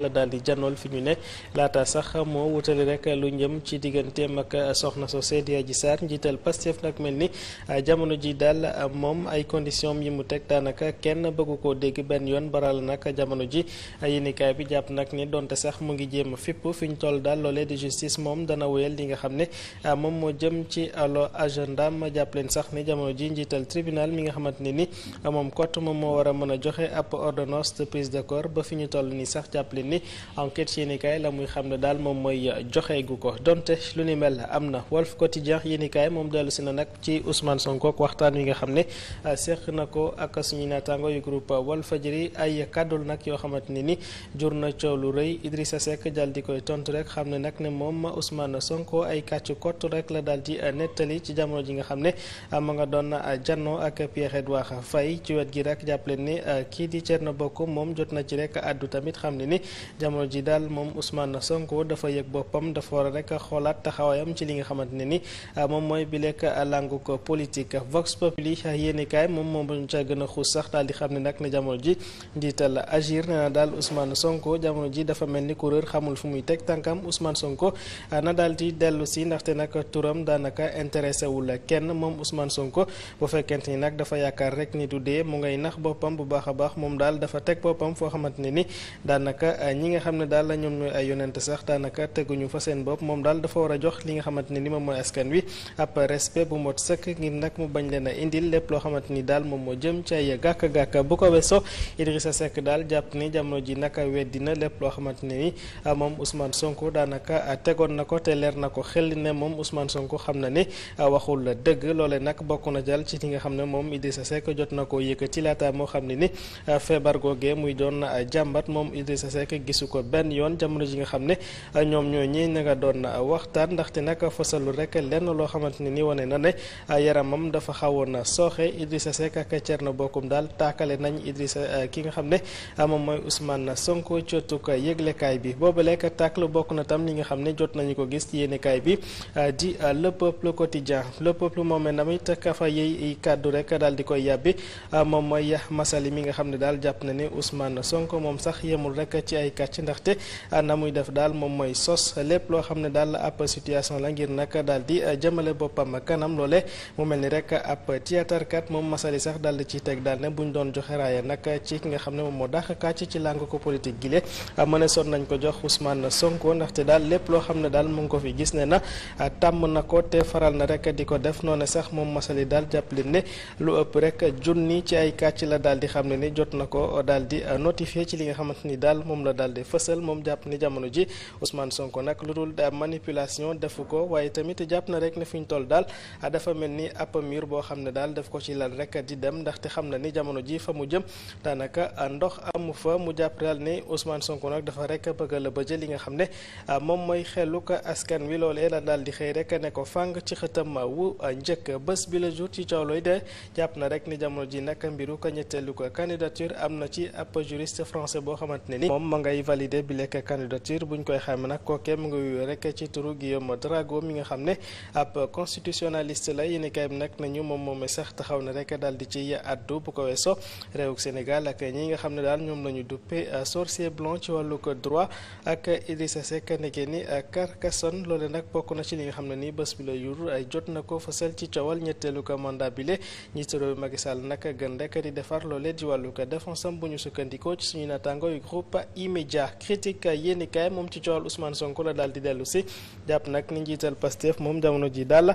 la daal di janool fi ñu ne laata sax moo wutali rek lu njëm ci digganteem ak soxna so di ji Sarr njiital Pastef nag mel ni ah, jamono ji daal moom ay condition yi mu teg daanaka kenn bëggu koo dégg benn yoon baral nag jamono ji ay ah, yéenekaay bi jàpp nag ni donte sax mu ngi jéem a fipp fi ñu toll daal loolee di justice moom dana wéyal li nga xam ne ah, moom moo jëm ci alo agenda ma jàpp leen sax ni jamono ji njiital tribunal mi nga xamante ne ni moom kott mën a joxe ab ordonnance de prise ni sax jàpp ni enquête yéenikaay la muy xam ne daal moom mooy joxeegu ko donte lu ni mel am na Walf Quotidien yéenikaay moom dellu si na nag ci Ousmane Sonko ak waxtaan wi nga xam ne euh, seq na ko ak suñu naataango yu groupe Walfadjri ay kàddul nag yoo xamante ne ni jur na coow lu rëy Idrissa Seck dal di koy tontu rek xam ne nag ne moom ma Ousmane Sonko ay kàccu kott rek la daal di euh, nettali ci jamono ji nga xam ne euh, ma nga doon janno ak Pierre-Edouard Faye ci wet gi rek jàpp leen ni kii di na bokk moom jot na ci rek addu tamit xam ne ni jamono ji daal moom Ousmane Sonko dafa yëg boppam dafa war a rek xoolaat taxawaayam ci li nga xamante ne ni ah, moom mooy bi lekk làngu ko politique Vox Populi ah, yéenekaay moom moom ba ñu ca gën a xuus sax daal di xam ne nag ne jamono ji njiital agir nee ah, na daal Ousmane Sonko jamono ji dafa mel ni coureur xamul fu muy teg tànkam Ousmane Sonko na daal di dellu si ndaxte nag turam daanaka intéressé wul kenn moom Ousmane Sonko bu fekkent ni nag dafa yaakaar rek ni du mu ngay nax boppam bu baax a baax moom daal dafa teg boppam foo xamante ne ni Euh, ñi nga xam ne daal la ñoom ñooy ay yonent sax daanaka teguñu fa seen bopp moom daal dafa war a jox li nga xamante ni a loo xamante ni daal moom moo jëm ci ay gàkk-gàkk na lépp loo ne ni euh, moom Ousmane Sonko daanaka euh, na ko te na ko xel ne moom Ousmane Sonko na ne waxul dëgg loole nag bokk na jàll ci li nga xam ne moom Idrissa Seck jot na ko yëkkati laata moo xam ne ni feebar googee muy doon jàmbat moom Idrissa Seck gisu ko benn yoon jamono ji nga xam ne euh, ñoom ñoo ñi na nga doon euh, waxtaan ndaxte nag fasalu rek lenn loo xamante ne ni wane na ne euh, yaramam dafa xawoon sooxe Idrissa Seck ak Thierno Bocoum daal taakale nañ Idrissa ki nga xam ne moom mooy Ousmane Sonko cootuk yëglekaay bi boobu lekk taaklu bokk na tam li nga xam ne jot nañu ko gis ci bi di le peuple quotidien le peuple moomee namit kafa yey kàddu rek daal di koy yàbbi moom mooy masali mi nga xam ne daal jàpp na ne Ousmane Sonko moom sax yemul rek ci ay kàcc ndaxte ah, na muy def daal moom mooy sos lépp loo xam ne daal ab situation la ngir nag daal di ah, jëmale boppam kanam loole mu mel ni rek ab théâtrekat moom masali sax daal ci teg daal ne buñ doon joxe raaya nag ci ki nga xam ne moom moo dàq kàcc ci làng ko politique gile ah, mëneesoon nañ ko jox Ousmane Sonko ndaxte daal lépp loo xam ne daal mu ko fi gis ne na tàmm na ko te faral na rek di ko def noonu sax moom masali daal jàppale ne lu ëpp la daal di xam ne ni jot na ko daal li daal di fësal moom jàpp ni jamono ji Ousmane Sonko nag lu dul ab manipulation defu ko waaye tamit jàpp na rek ne fi ñu toll daal dafa mel ni ab mur boo xam ne daal daf ko ci lal rek di dem ndaxte xam na ni jamono ji fa mu jëm daanaka ndox amu fa mu jàpp daal ni Ousmane la bëjë li nga xam ne ah, moom mooy xelu ko askan wi loolee la daal xëy rek ne ko fàng ci xëtam wu njëkk bés bi la jour ci coow looy de jàpp na rek ni jamono ji nag mbiru ko ñetteelu ko candidature am na ci ab juriste français boo xamante ngay valider bi lekk candidature buñ koy xam nag kookee mu ngi rek ci turu Guillaume Drago mi nga xam ne ab constitutionnaliste la yéen kay nag nañu moom moom sax taxaw na rek daal di ci addu bu ko weesoo réewug Sénégal ak ñi nga xam ne daal ñoom la ñu duppee sorcier blanc ci wàllu ko droit ak Idrissa Seck nekkee ni Carcassonne loole nag bokk na ci li nga xam ne nii bés bi la yur ay jot na ko fësal ci coowal ñetteelu ko mandat bi le njiitu réew Macky Sall gën rek di defar loole di wàllu ko défense am bu ñu média critique yéenikaay moom ci coowal Ousmane Sonko la daal di dellu si jàpp nag ni njiital Pastef moom jamono ji daal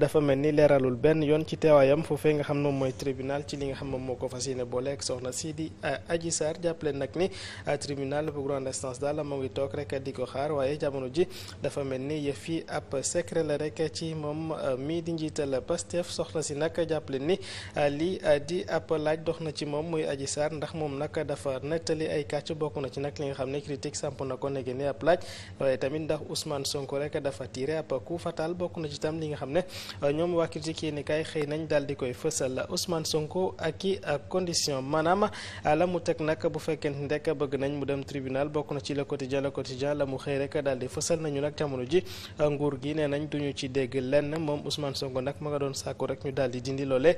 dafa mel ni leeralul benn yoon ci teewaayam foofee nga xam moom mooy tribunal ci li nga xam moom moo ko fas yéene boole ak soxna si di euh, Adji Sarr jàppale nag ni euh, tribunal bu grande instance daal moo ngi toog rek di ko xaar waaye jamono ji dafa mel ni yëf yi ab secret la rek ci moom euh, mii di njiital Pastef soxna si nag jàppale ni nag li nga xam ne critique samp na ko nege ne ab laaj waaye tamit ndax Ousmane Sonko rek dafa tiré ab coup fatal bokk na ci tam li nga xam ne euh, ñoom waa critique yéen kaay xëy nañ daal di koy fësal Ousmane Sonko ak i condition maanaam euh, la mu teg nag bu fekkente ni rek bëgg nañ mu dem tribunal bokk na ci le quotidien le quotidien la mu xëy rek daal di fësal nañu nag jamono ji euh, nguur gi nee nañ duñu ci dégg lenn moom Ousmane Sonko nag ma nga doon sàkku rek ñu daal di dindi loole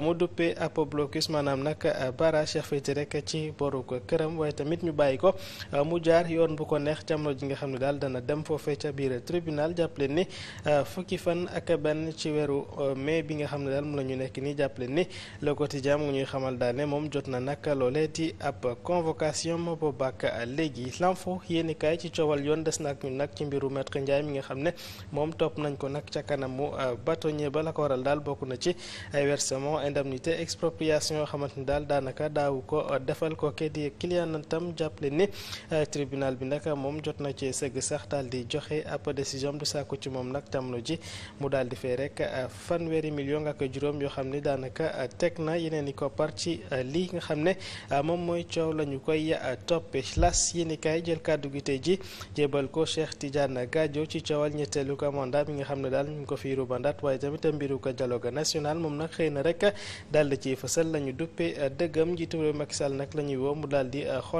mu duppee ab blocus maanaam nag bara Cheikh Faye rek ci boru ko këram waaye tamit ko euh, mu jaar yoon bu ko neex jamono ji nga xam ne daal dana dem foofee ca biir tribunal jàppale ni euh, fukki fan ak benn ci weeru euh, mai bi nga xam ne daal mu la ñu nekk nii jàppale ni le quotidien mu ñuy xamal ne moom jot na nag loolee di ab convocation boobu ak léegi l'info yéeni kaay ci coowal yoon des na ak ñun nag ci mbiru maître njaay mi nga xam ne moom topp nañ ko nag ca kanamu bâtonnier ba la ko waral daal bokk na ci ay versement indemnité expropriation yoo ni daal daanaka daawu ko defal ko kee di client tam Sané eh, tribunal bi nag moom jot na cee sëgg sax dal di joxe ab décision du sàkku ci moom nag jamono ji mu daal di fay rek eh, fanweeri million ak juróom yoo xam ne daanaka eh, teg na yeneen i koppar ci lii nga xam ne moom mooy coow la ñu koy toppe las yéen i kaay jël kàddu gi tey ji jébal ko Cheikh Tidiane Gadio ci coowal ñetteelu ko mandat bi nga xam ne daal ñu ko ko fiy rubandaat waaye tamit mbiru ko dialogue national moom nag xëy na rek daal di fësal la ñu duppe dëggam njiitu réew Macky nag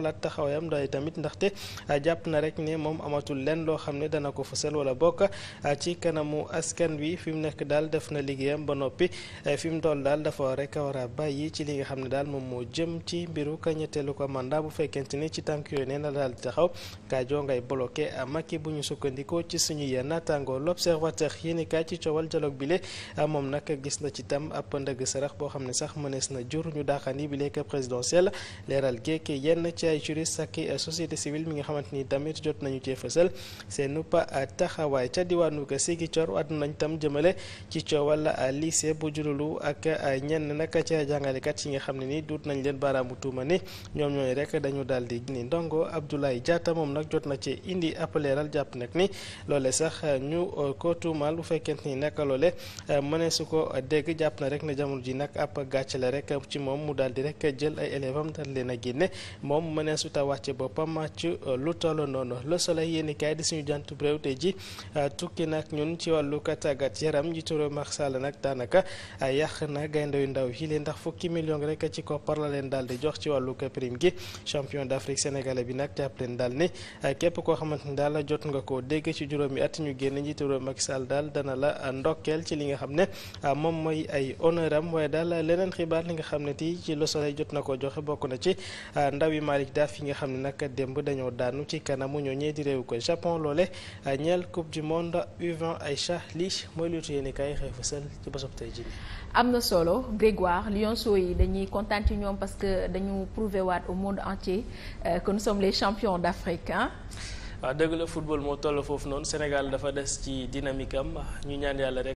la woo Boundaye tamit ndaxte ah, jàpp na rek ne moom amatul lenn loo xam ne dana ko fësal wala bokk ah, ci kanamu askan wi fi mu nekk daal def na liggéeyam ba noppi eh, fi mu dool daal dafa rek war a bàyyi ci li nga xam ne daal moom moo jëm ci mbiru ka ñetteelu ko mandat bu fekkente ni ci tànk yooyu nee na daal di taxaw kaajoo ngay bloqué ah, Macky bu ñu sukkandikoo ci suñu yenn naataangoo l'observateur yéeni kaay ci coowal dialogue bile moom nag gis na ci tam ab ndëgg sarax boo xam ne sax mënees na jur ñaari euh, société civile mi nga xamante ni tamit jot nañu cee fësal seen nuppa euh, taxawaay ca diwaanu ko Ziguinchor waddu nañ tam jëmale ci coowal euh, lycée bu Diouloulou ak ñenn nag ca jàngalekat yi nga xam ne ni duut nañ leen baaraamu tuuma ni ñoom ñooy rek dañu daal di ni ndongo Abdoulaye Diatta moom nag jot na ci indi ab leeral jàpp nag ni loole sax ñu ko tuumaal bu fekkente ni nag loole mënee su ko dégg jàpp na rek ne jamono ji nag ab gàcce la rek ci moom mu daal di rek jël ay a génne ci boppam ci euh, lu toll noonu le soleil di suñu jant bu réew tey ji euh, tukki nag ñun ci wàllu tàggat yaram njiitu réew Macky Sall daanaka euh, yàq na gaynde yu ndaw yi leen ndax fukki million rek ci koppar la leen daal di jox ci wàllu prime gi champion d'Afrique sénégalais bi nag jàpp leen daal ni képp koo xamante ni daal jot nga koo dégg ci juróomi at ñu génn njiitu réew Macky Sall dana la ndokkeel ci li nga xam ne moom mooy ay honneur am waaye daal leneen xibaar li nga xam ne ti ci nag démb dañoo daanu ci kanamu ñooñee di réew ko Japon loole ñeel coupe du monde U20 Aïcha lii mooy luutu yéen i kaay xëy fësal ci bésub tey jii. am na solo Grégoire Lionceaux yi dañuy kontaan ci ñoom parce que dañu prouvé waat au monde entier euh, que nous les champions d'Afrique hein? Ah, dëgg la football moo toll foofu noonu Sénégal dafa des ci dynamique am ñu ñaan yàlla rek.